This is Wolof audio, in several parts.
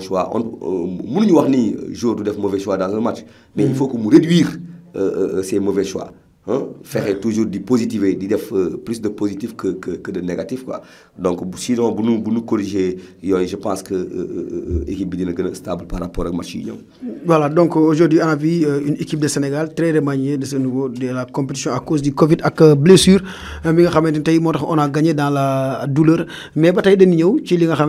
choix on joue euh, wax ni joueur mauvais choix dans un match mais il faut que nous réduire ces euh, euh, mauvais choix Hein? faire toujours du positif di euh, plus de positif que que de négatif quoi donc si on nous nous corriger je pense que l'équipe euh, euh, bi dina stable par rapport à match voilà donc aujourd'hui on a vu une équipe de Sénégal très remaniée de ce nouveau de la compétition à cause du Covid avec blessure bi on a gagné dans la douleur mais ba tey de ci li nga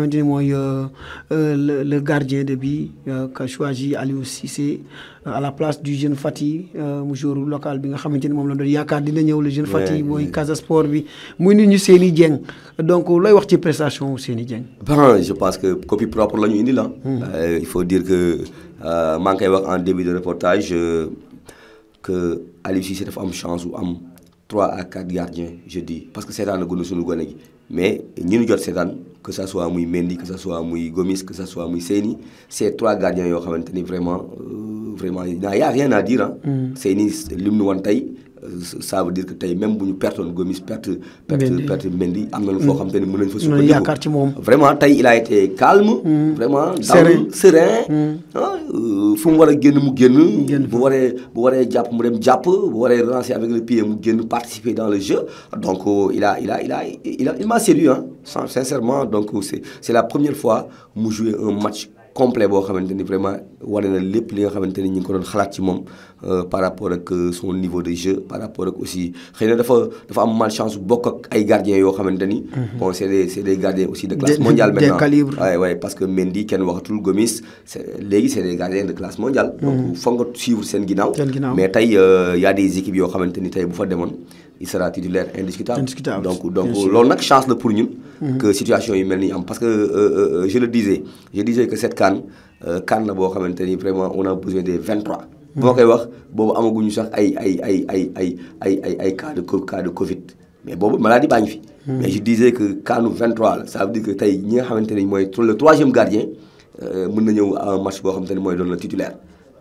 le gardien de but qu'a choisi Aliou Cissé à la place du jeune Fatih mu joueur local bi nga xamante moom la doon yaakaar dina ñëw le jeune Fatick mooy Casa Sport bi muy nit ñu seeni jeng donc looy wax ci prestation seeni jeng bon je pense que copie propre la ñu indi la hmm. euh, il faut dire que euh, maa ngi koy wax en début de reportage euh, que Aliou Cissé dafa am chance ou am 3 à 4 gardiens je dis parce que seetaan la gën a suñu gone gi mais ñi ñu jot seetaan que ça soit muy Mendy que ça soit muy Gomis que ça soit muy Seyni ces trois gardiens yoo xamante ni vraiment vraiment il n'y a rien à dire ah. Hein. Hmm. Seyni lim nu woon tey ça veut dire que tay même buñu ñu pertoon Gomis perte. perte perte Mendy am na lu foo xam te ne mën nañu fa. Mmh. sukkandiku mmh. vraiment tay il a été calme. Mmh. vraiment serein serein. Ah, euh, fu mu war génn mu génn. bu waree bu waree japp mu dem japp bu waree relancer avec le pied mu génn participer dans le jeu donc euh, il a il a il a il a il m'a séduit hein sincèrement donc c'est c'est la première fois mu jouer un match complet bo xamanteni vraiment wane na lepp li nga xamanteni ñi ngi ko doon xalaat ci euh, par rapport ak euh, son niveau de jeu par rapport ak aussi xeyna dafa dafa am malchance bok ak ay gardien yo xamanteni mhm. bon c'est des c'est des gardiens aussi de classe mondiale maintenant des calibres parce que Mendy ken waxatul Gomis légui c' est des gardiens de classe mondiale. Mhm. donc faut nga suivre sen ginaaw mais il euh, y a des équipes yo xamanteni tay bu fa demoon il sera titulaire indiscutable. donc donc lool une chance la pour ñun. Mm-hmm. que situation yu mel ni am parce que euh, euh, euh, je le disais je disais que cette CAN CAN la boo xamante ni vraiment on a besoin des 23. Mm-hmm. boo koy wax boobu amaguñu sax ay ay ay ay ay ay ay ay cas de cas de Covid mais boobu maladie baa ngi fi. Mm-hmm. mais je disais que CANu 23 ça veut dire que tey ñi nga xamante ni mooy le troisième gardien mën na ñëw à un match boo xamante ni mooy doon la titulaire.